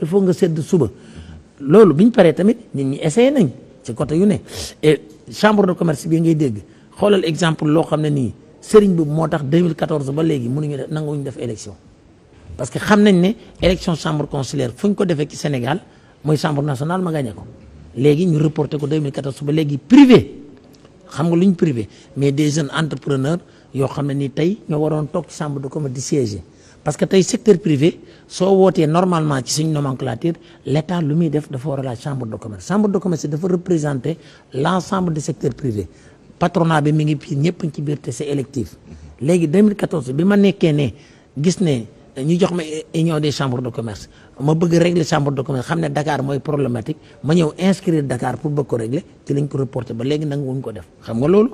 il faut nga sedd suba loolu bi ñu paree tamit nit ñi essayé nañ ci côté yu ne et chambre de commerce bi ngay dégg xoolal exemple loo xam ne nii sëriñ boobu moo tax 2014 ba léegi mënuñu def ñu def élection parce que xam nañ ne election chambre consulaire fu ñu ko defee ci Sénégal mooy chambre nationale ma gagné ko léegi ñu reporté ko de 2014 ba léegi privé xam nga lu ñu privé mais des jeunes entrepreneurs yoo xam ne nii tey ñoo waroon toog ci chambre de di siéger parce que tey secteur privé soo wootee normalement ci suñ nomenclature l' état lu muy def dafa war a la chambre de commerce chambre de commerce dafa représenter l' ensemble des secteurs privés bi mi ngi fii ñëpp ci biir te c' est électif léegi 2014 bi ma nekkee ne gis ne ñu jox ma union des chambres de commerce ma bëgg régler chambre de commerce xam ne Dakar mooy problématique ma ñëw inscrire Dakar pour bëgg ko régler ci lañ ko reporté ba léegi nangu wuñ ko def xam nga loolu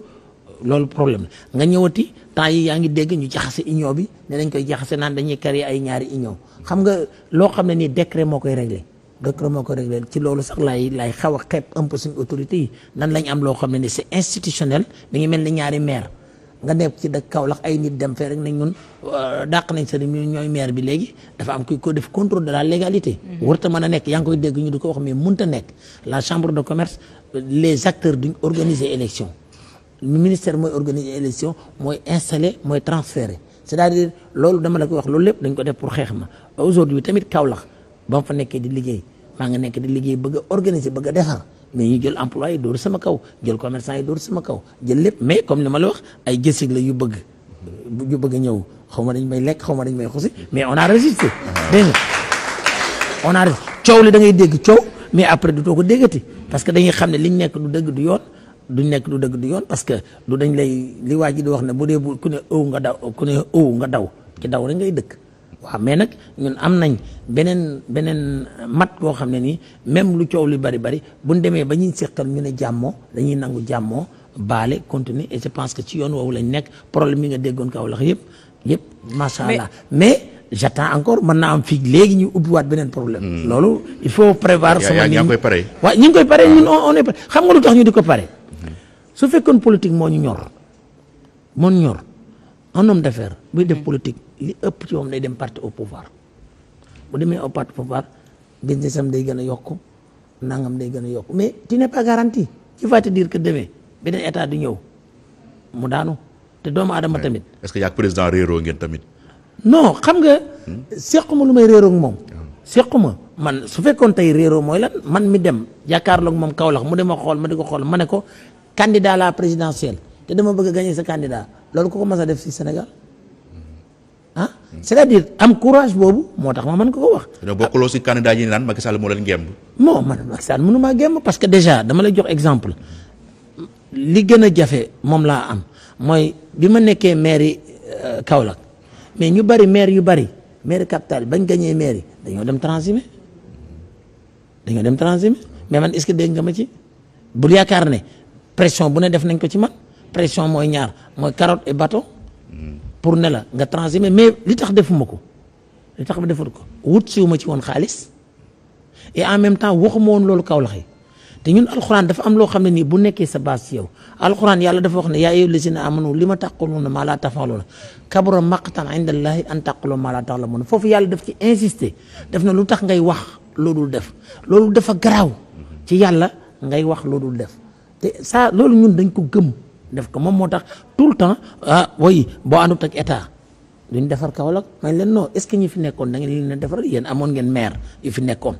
loolu problème nga ñëwati temps yi yaa ngi dégg ñu jaxase union bi ne dañ koy jaxase naan dañuy créer ay ñaari union xam nga loo xam ne nii décret moo koy réglé décret moo koy réglé ci loolu sax laay laay xaw a xeeb un peu autorité yi nan lañ am loo xam ne ni c'est institutionnel mi ngi mel ni ñaari maire nga nekk ci dëkk Kaolack ay nit dem fee rek nañ ñun euh, dàq nañ sëriñ ñu ñooy maire bi léegi dafa am kuy ko def contrôle de la légalité mhm. warta mën a nekk yaa ngi koy dégg ñu di ko wax mais munta nekk la chambre de commerce les acteurs duñ organiser élection ministère mooy organiser élection mooy installer mooy transférer c'est-à-dire loolu dama la ko wax loolu lépp dañ ko def pour xeex ma aujourd'hui tamit Kaolack ba ma fa nekkee di liggéey maa nga nekk di liggéey bëgg a organiser bëgg a defar mais ñu jël employé yi dóor sama kaw jël commerçant yi dóor sama kaw jël lépp mais comme ni ma la wax ay jësig la yu bëgg yu bëgg a ñëw xaw ma dañ may lekk xaw ma dañ may xusi mais on a résisté dégg nga da ngay dégg coow mais après du too déggati parce que dañuy xam ne liñ nekk du dëgg du yoon du nekk lu dëgg du yoon parce que du dañ lay li waa ji di wax na bu dee bu ku ne ëw nga daw ku ne ëw nga daw ci daw rek ngay dëkk waaw mais nag ñun am nañ beneen beneen mat koo xam ne nii même lu coow lu bari bari buñ demee ba ñuy seqal ñu ne jàmmoo dañuy nangu jàmmoo baale continuer et je pense que ci yoon woowu lañ nekk problème yi nga déggoon kaw lax yëpp yëpp macha allah mais j'attends encore mën naa am fii léegi ñu ubbiwaat beneen problème hmm. loolu il faut prévoir sama nit ñu ngi koy pare ah. xam nga lu tax ñu di ko pare su fekkoon politique moo ñu ñor moo ñu ñor un homme d'affaires buy def politique li ëpp ci moom day dem parti au pouvoir bu demee au parti au pouvoir business am day gën a yokk nangam day gën a yokk mais tu n'es pas garanti ci va te dire que demee beneen état di ñëw mu daanu te doomu aadama tamit. est que yàq président réeroo ngeen tamit. non xam nga. Hmm? sequma lu may réeroo ak moom. Ah. sequma man su fekkoon tey réeroo mooy la man mi dem jàkkaarloog moom Kaolack mu dem a xool ma di ko xool ma ne ko candidat la présidentielle te dama bëgg a gagner sa candidat loolu ku ko mas a def si senegal ah c'est-à-dire am courage boobu moo tax ma mën ko ko wax. te bokkuloo ci candidat yi naan Macky Sall moo leen gemb. moo man Macky Sall mënu maa gemb parce que déjà dama lay jox exemple li gën a jafe moom laa am mooy bi ma nekkee maire euh, Kaolack mais ñu bari maire yu bari maire capitale bañ gañee maire yi dañoo dem transimer dañoo dem transimer mais man est-ce que dégg nga ma ci bul yaakaar ne. pression bu ne def nañ ko ci man pression mooy ñaar mooy carotte et bâton pour ne la nga transimer mais li tax defuma ko li tax defut ko wut siwuma ci woon xaalis et en même temps waxuma woon loolu kawlax yi te ñun alxuraan dafa am loo xam ne nii bu nekkee sa base ci yow alxuraan yàlla dafa wax ne yaa ayyuhal lazina amanu lima taquluuna maa laa taf'aluuna kabura maqtan inda llaahi an taqulu maa laa ta'lamuuna foofu yàlla daf ci insister def na lu tax ngay wax loolu def loolu dafa garaaw ci yàlla ngay wax loolu def te saa loolu ñun dañ ko gëm def ko moom moo tax tout le temps ah way boo àndut ak état duñ defar Kaolack may leen non est ce que ñi fi nekkoon da ngeen leen a defar yéen amoon ngeen maire yu fi nekkoon.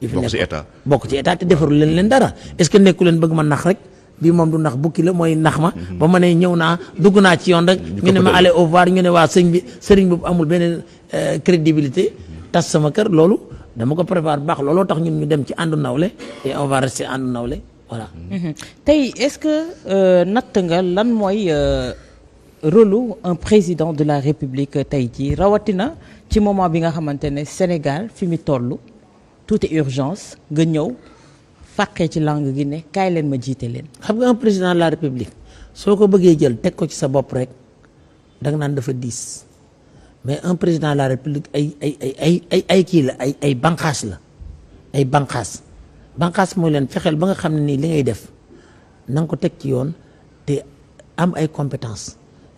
yu fi nekkoon bokk ci état te defaru leen leen dara est ce que nekku bëgg ma nax rek. bii moom du nax bukki la mooy nax ma mhm. ba ma ne ñëw naa dugg naa ci yoon rek ñu ne ma allez au voir ñu ne waa sëñ bi sëriñ boobu amul beneen euh, crédibilité mhm. tas sama kër loolu dama ko préparé baax looloo tax ñun ñu dem ci àndu nawle et on va rester àndu voilà. Mhm. tey est-ce que euh, natt nga lan mooy euh, rôle un président de la république tey jii rawatina ci moment bi nga xamante ne Sénégal fi mu toll tout est urgence nga ñëw fàqee ci langue gi ne kaay leen ma jiite leen. xam nga un président de la république soo ko bëggee jël teg ko ci sa bopp rek danga naan dafa diis mais un président de la république ay ay ay ay ay kii la ay ay banqaas la ay banqaas. bànqaas mooy leen fexeel ba nga xam ne nii li def na ko teg ci yoon te am ay compétence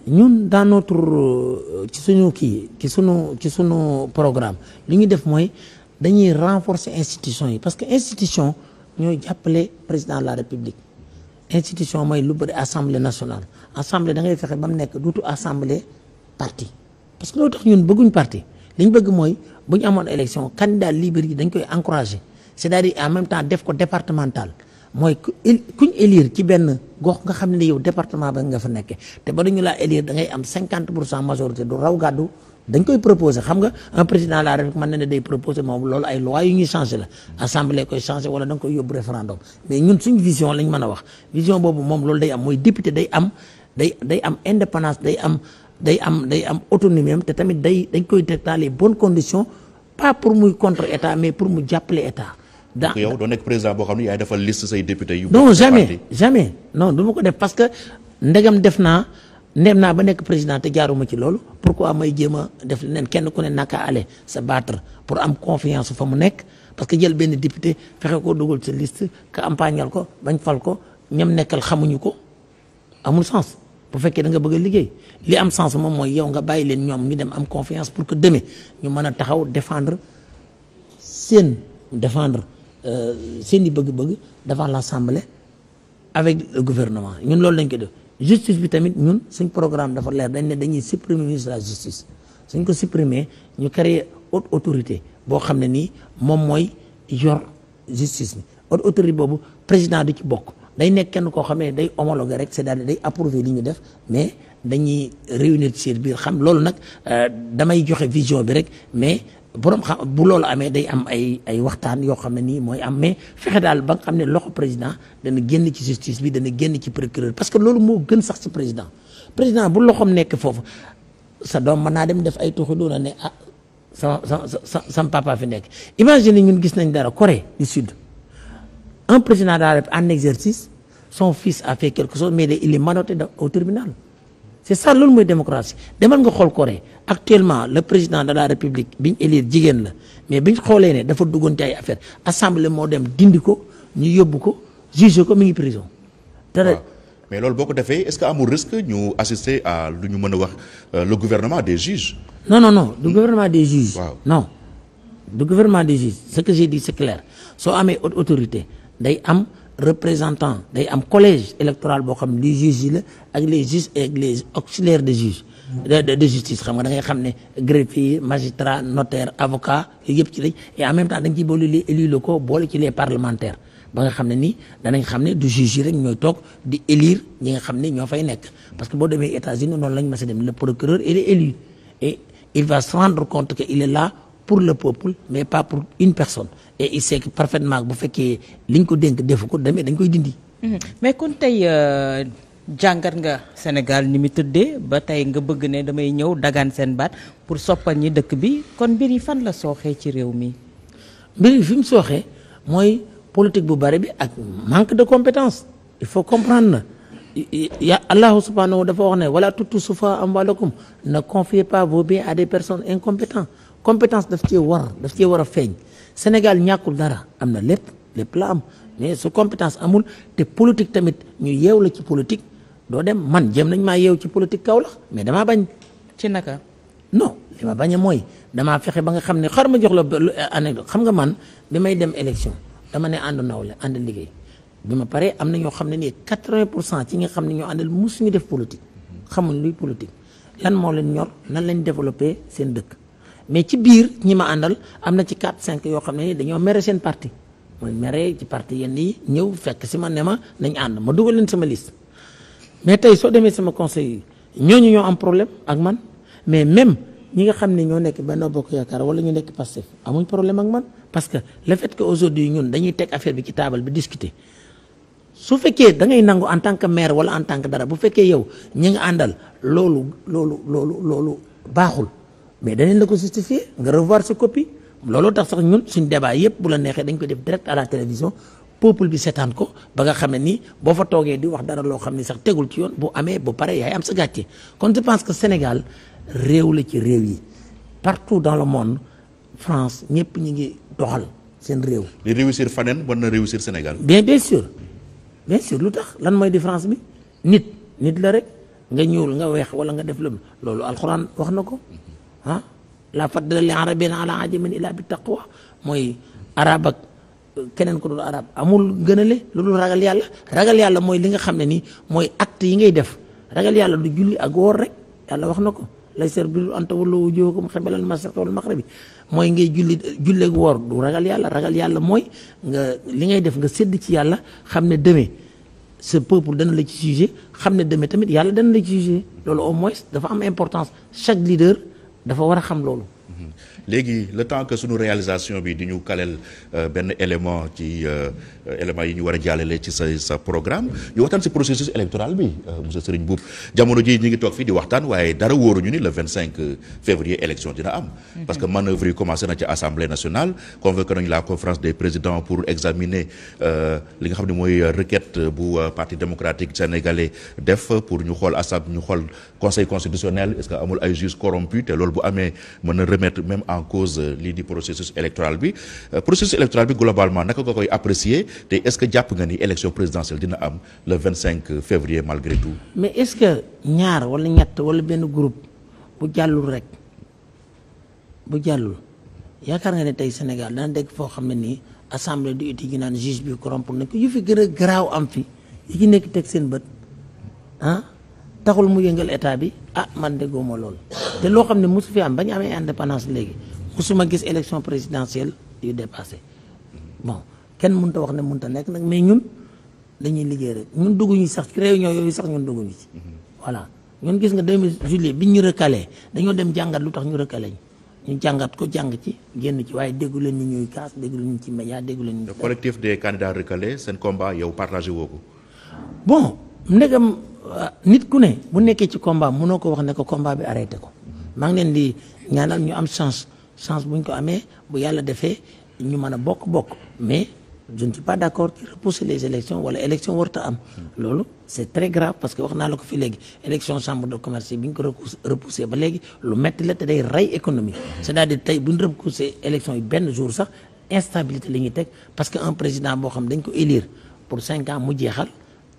ñun dans notre euh, ci suñu kii ki sunu ci sunu programme li ñu def mooy dañuy renforce institution yi parce que institution ñooy jàppale président de la république institution mooy lu bëri assemblée nationale assemblée da ngay fexe ba mu nekk duutu assemblée parti parce que loolu tax ñun bëgguñ parti li ñu bëgg mooy bu ñu amoon élection candidat libre yi dañ koy encourager c'est-à-dire en même temps def ko départemental mooy ku kuñ élire ci benn gox nga xam ne yow département ba nga fa nekkee te ba dañu laa élire da ngay am 50 pour cent majorité du raw gàddu dañ koy proposer xam nga un président de la République mën na ne day proposer moom loolu ay loi yu ñuy changé la assemblée koy changé wala da nga koy yóbbu référendum mais lañ mën wax vision boobu moom loolu day am mooy député day am day am indépendance day am day am day am autonomie te tamit day dañ koy teg dans les bonnes conditions pas pour muy contre état mais pour mu jàppale état donc yow doo nekk président boo xam ne yaay defal liste say député yu non jamais jamais non du ko def parce que ndegam def naa ndem naa ba nekk président te jaaruma ci loolu pourquoi may jéem a def leneen kenn ku ne naka ale sa battre pour am confiance fa mu nekk parce que jël benn député fexe ko dugal sa liste ka campagnal ko bañ fal ko ñam nekkal xamuñu ko amul sens bu fekkee da nga bëgg a liggéey li am sens moom mooy yow nga bàyyi leen ñoom ñu dem am confiance pour que demee ñu mën a taxaw défendre seen défendre Euh, seeni bëgg-bëgg devant l'Assemblée avec gouvernement ñun loolu lañ ko def justice bi tamit ñun suñ programme dafa leer dañ ne dañuy supprimer ministre de la justice suñ ko supprimer ñu créer haute autorité boo xam ne nii moom mooy yor justice bi haute autorité boobu président di ci bokk day nekk kenn koo xam day homologué rek c'est-à-dire day approuvé li ñu def mais dañuy réunir biir xam loolu nag euh, damay joxe vision bi rek mais borom xam bu loolu amee day am ay ay waxtaan yoo xam ne nii mooy am mais fexe daal ba xam ne loxo président dana génn ci justice bi dana génn ci procureur parce que loolu moo gën sax si président président bu loxoom nekk foofu sa doom mën naa dem def ay tuuxi doona ne ah sama sa sama papa fi nekk imagine ñun gis nañ dara Corée du Sud un président daal en exercice son fils a fait quelque chose mais il est menotté au tribunal c'est ça loolu mooy démocratie demal nga xool Corée actuellement le président de la république biñ élire jigéen la mais biñ xoolee ne dafa duggoon ci ay affaire assemblée moo dem dindi ko ñu yóbbu ko juge ko mi ngi prison dara mais loolu boo ko defee est-ce que amul risque ñu assister à lu ñu mën a wax euh, le gouvernement des juges non non non du hmm. gouvernement des juges waaw non du gouvernement des juges ce que j'ai dit c'est clair soo amee haute autorité day am représentant day am collège électoral boo xam li juges yi la ak les juges et les auxiliaires de juge de de justice xam nga da ngay xam ne greffier magistrat notaire avocat yooyu yëpp ci lañ et en même temps dañ ciy boole les élus locaux boole ci les parlementaire ba nga xam ne nii danañ xam ne du juge yi rek ñooy toog di élire ñi nga xam ne ñoo fay nekk parce que boo demee États-Unis noonu lañ mas a dem le procureur il est élu et il va se rendre compte que il est pour le peuple mais pas pour une personne et il sait que bu fekkee liñ ko dénk defu ko demee dañ koy dindi. Mhm. mais kon tey euh, jàngat nga Sénégal ni mu tëddee ba tey nga bëgg ne damay ñëw dagaan seen baat pour soppal ñi dëkk bi kon mbir yi fan la sooxee ci réew mi. mbir yi fi mu sooxee mooy politique bu bari bi ak manque de compétence il faut comprendre na. ya allahu subhanahu dafa wax ne walla tuttu sufa amwalakum ne confiez pas vos biens à des personnes incompétentes compétence daf cee war daf cee war a feeñ Sénégal ñàkkul dara am na lépp lépp la am mais su compétence amul te politique tamit ñu yeew la ci politique doo dem man jéem nañ maa yeew ci politique kaw la mais damaa bañ. ci naka. non li ma bañ a mooy damaa fexe ba nga xam ne xar ma jox la anecdote xam nga man bi may dem élection dama ne ànd nawle ànd liggéey bi ma paree am na ñoo xam ne nii quatre-vingt pour cent ci nga xam ne ñoo àndal musuñu def politique xamuñ luy politique lan moo leen ñor nan lañ développé seen dëkk. mais ci biir ñi ma àndal am na ci 4 cinq yoo xam ne dañoo mere seen parti mooy mere ci parti yenn yi ñëw fekk si ma ne ma nañ ànd ma dugal leen sama liste. mais tey soo demee sama conseil yi ñooñu ñoo am problème ak man mais même ñi nga xam ne ñoo nekk Benno Bokk Yaakaar wala ñu nekk Pastef amuñ problème ak man parce que le fait que aujourd'hui ñun dañuy teg affaire bi ci taabal bi discuter. su fekkee da ngay nangu en tant que maire wala en tant dara bu fekkee yow ñi nga àndal loolu loolu loolu loolu baaxul mais danañ la ko justifier nga revoir sa copie looloo tax sax ñun suñ débat yëpp bu la neexee dañ ko def direct à la télévision peuple bi seetaan ko ba nga xam ne nii boo fa toogee di wax dara loo xam ne sax tegul ci yoon bu amee bu pare yaay am sa gàcce kon je pense que Sénégal réew la ci réew yi partout dans le monde France ñëpp ñu ngi doxal seen réew. li réussir faneen war na réussir Sénégal. bien bien sûr bien lu tax lan mooy différence bi nit nit la rek nga ñuul nga weex wala nga def lëm loolu wax na ko. ah la faddala li arabin ala ajamin illa bi taqwa mooy arab euh, keneen ko dul arab amul gënale lu dul ragal ragal yàlla mooy li nga xam ne nii mooy acte yi ngay def ragal yàlla du julli ak woor rek yàlla wax na ko laysa birru an tuwallu wujuhakum qibalal mashriqi wal mooy ngay julli julli woor du ragal yàlla ragal yàlla mooy nga li ngay def nga sédd ci yàlla xam ne demee ce peuple dana la ci jugé xam ne demee tamit yàlla dana la ci jugé loolu au moins dafa am importance chaque leader dafa war a xam loolu Mhm. léegi le temps que suñu réalisation bi di ñu kaleel euh, benn élément ci euh, euh, élément yi ñu war a jàllale ci sa sa programme ñu waxtaan si processus électoral bi monsieur Serigne Mboup jamono ji ñu ngi toog fii di waxtaan waaye dara wóoruñu ni le 25 février élection dina am mhm. parce que manœuvre yi commencé na ci assemblée nationale convoqué nañu la conférence des présidents pour examiner li nga xam ne mooy requête bu parti démocratique sénégalais def pour ñu xool assemblée ñu xool conseil constitutionnel est-ce que amul ay juges corrompus te loolu remettre même en cause euh, lii di processus électoral bi euh, processus électoral bi globalement naka nga koy apprécier te est-ce que jàpp nga ni élection présidentielle dina am le 25 février malgré tout. mais est que ñaar wala ñett wala benn groupe bu jàllul rek bu jàllul yaakaar nga ne tey Sénégal dana dégg foo xam ne nii assemblée du uti gi naan juge bi corrompre na ko yu fi gën a garaaw am fi yi ci nekk teg seen bët ah? taxul mu yëngal état bi ah man de góoma loolu te loo xam ne su fi am ba ñu amee indépendance léegi mosuma gis élection présidentielle yu dépassé bon kenn mënta wax ne mënta nekk nag mais ñun dañuy liggéey rek ñun dugguñu sax ci réunion yooyu sax ñun dugguñu ci voilà ñun gis nga 20 juillet bi ñu recalé dañoo dem jàngat lu tax ñu recalé ñu ñu jàngat ko jàng ci génn ci waaye déggu leen ni ñuy kaas déggu leen ñu ci média déggu leen ñu. collectif des candidats recalés seen combat yow partagé woo ko. bon ndegam nit ku ne bu nekkee ci combat mënoo ko wax ne ko combat bi arrêté ko maa ngi leen di ñaanal ñu am chance chance buñ ko amee bu yàlla defee ñu mën a bokk-bokk mais je ne suis pas d' accord ci repousser les élections wala élection warta am loolu c' est parce que wax naa la ko fi léegi élection chambre de commerce bi ñu ko repoussé ba léegi lu metti la te day rey économie c' est à tey bu ñu repoussé élection yi benn jour sax instabilité la ñuy teg parce que un président boo xam dañ ko élire pour cinq ans mu jeexal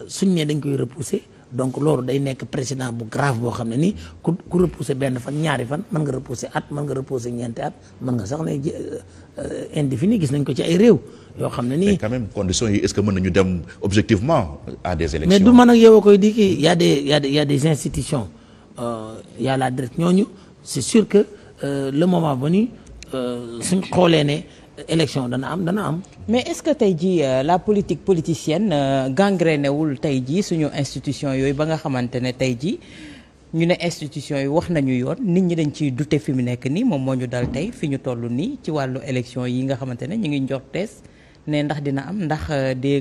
suñ ne dañ koy repoussé donc loolu day nekk président bu grave boo xam ne nii ku ku repousser benn fan ñaari fan mën nga repousser at mën nga repousser ñeenti at mën nga sax ne euh, indéfini gis nañ ko ci ay réew yoo xam ne nii. mais quand même conditions yi est-ce que mën nañu dem objectivement à des élections mais du man ak yow koy di y a des a des y a des institutions euh, y a la dette ñooñu c'est sûr que euh, le moment venu suñ xoolee ne. élection dana am dana am. mais est-ce que tey jii euh, la politique politicienne euh, gangréné newul tey jii suñu institution yooyu ba nga xamante ne tey jii ñu ne institution yi wax nañu yoon nit ñi dañ ci dute fi mu nekk nii moom moo ñu dal tey fi ñu toll nii ci wàllu élection yi nga xamante ne ñu ngi njortees ne ndax dina am ndax euh, de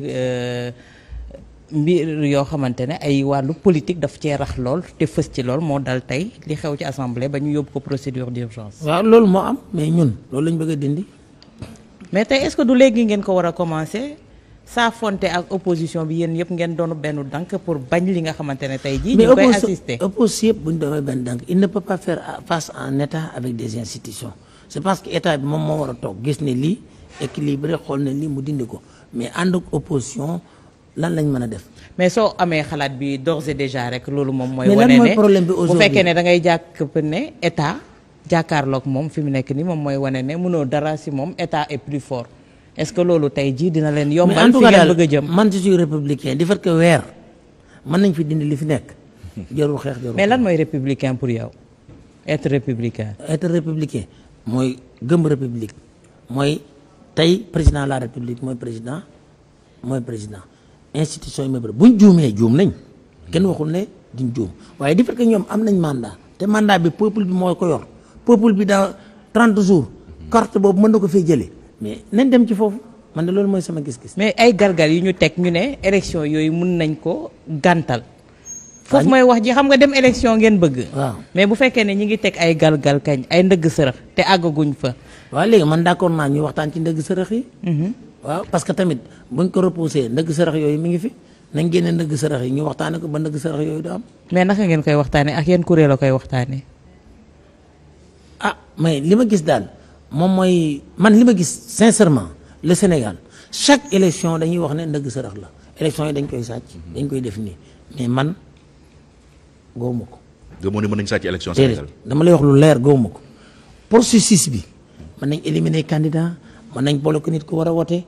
mbir yoo xamante ne ay wàllu politique dafa cee rax lool te fës ci lool moo dal tey li xew ci assemblée ba ñu yóbbu ko procédure d'urgence. mais tey est-ce que du léegi ngeen ko war a commencer saa fonte ak opposition bi yéen yëpp ngeen doon benn dànk pour bañ li nga xamante ne tey jii. ñu koy assister mais opposition yëpp bu ñu doonee benn dànk il que état bi moom moo war a toog gis ne lii équilibré xool ne lii mu dindi ko mais ànd ak lan lañ mën a def. mais soo amee xalaat bi d'ores et rek loolu moom mooy. wane ne da ngay jàpp ne état jàkkaarloog moom fi mu nekk nii moom mooy wane ne munoo dara si moom état est plus fort est-ce que loolu tey jii dina leen yombal fi ngeen bëgg a jëm man je suis républicain di fait que weer mën nañ fi dindi li fi nekk jarul xeex jarul mais lan mooy républicain pour yow être républicain être mooy gëm république mooy tey président la république mooy président mooy président institution yi mébr buñ juumee juum nañ kenn waxul ne duñ juum waaye di fait que ñoom am nañ mandat te mandat bi peuple bi moo ko yor peuple bi dans trente jours carte boobu mën na ko fee jëlee mais nañ dem ci foofu man na loolu mooy sama gis-gis. mais ay gargal yi ñu teg ñu ne élection yooyu mun nañ ko gàntal. foofu mooy wax ji xam nga dem élection ngeen bëgg. waaw mais bu fekkee ne ñi ngi teg ay galgal kañ ay ndëgg sërëx te àggaguñ fa. waaw léegi man d'accord naa ñu waxtaan ci ndëgg sërëx yi. Mhm. waaw tamit buñ ko repoussé ndëgg sërëx yooyu mi ngi fi nañ génne ndëgg sërëx yi ñu waxtaanee ko ba ndëgg koy waxtaanee ak yan kuréel la koy waxtaanee. mais li ma gis daal moom mooy man li ma gis sincèrement le Sénégal chaque élection dañuy wax ne ndëgg sërëx la élection yi dañ koy sàcc. dañ koy def nii mais man goo ma ko. góobu ne mën nañu sàcc élection Sénégal dama lay wax lu leer góobu ma ko processus bi mën nañ éliminer candidat mën nañ boole ko nit ko war a wote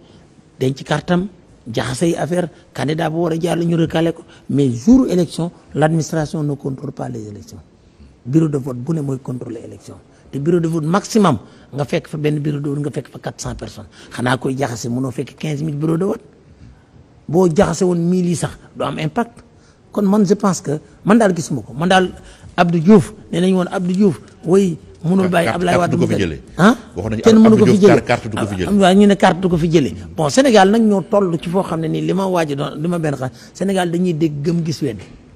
ci kartam jaxase yi affaire candidat bu war a jaar la ñu recalé ko mais jour élection l' administration ne contrôle pas les élections bureau de vote bu ne mooy contrôler élection. te bureau de vote maximum nga fekk fa benn bureau de vote nga fekk fa quatre cent personnes xanaa koy jaxase mënoo fekk quinze mille bureau de vote boo jaxase woon mille yi sax du am impact kon man je pense que man daal gisuma ko man daal Abdou Diouf nee nañu woon Abdou Diouf woy mënul bàyyi Abdoulaye Wade mu jëlee ah kenn mënu ko fi jëlee ah, waaw ñu ne carte du ko fi jëlee bon Sénégal nag ñoo toll ci foo xam ne nii li ma waaj doon li ma benn xam Sénégal dañuy dégg gëm gis weddi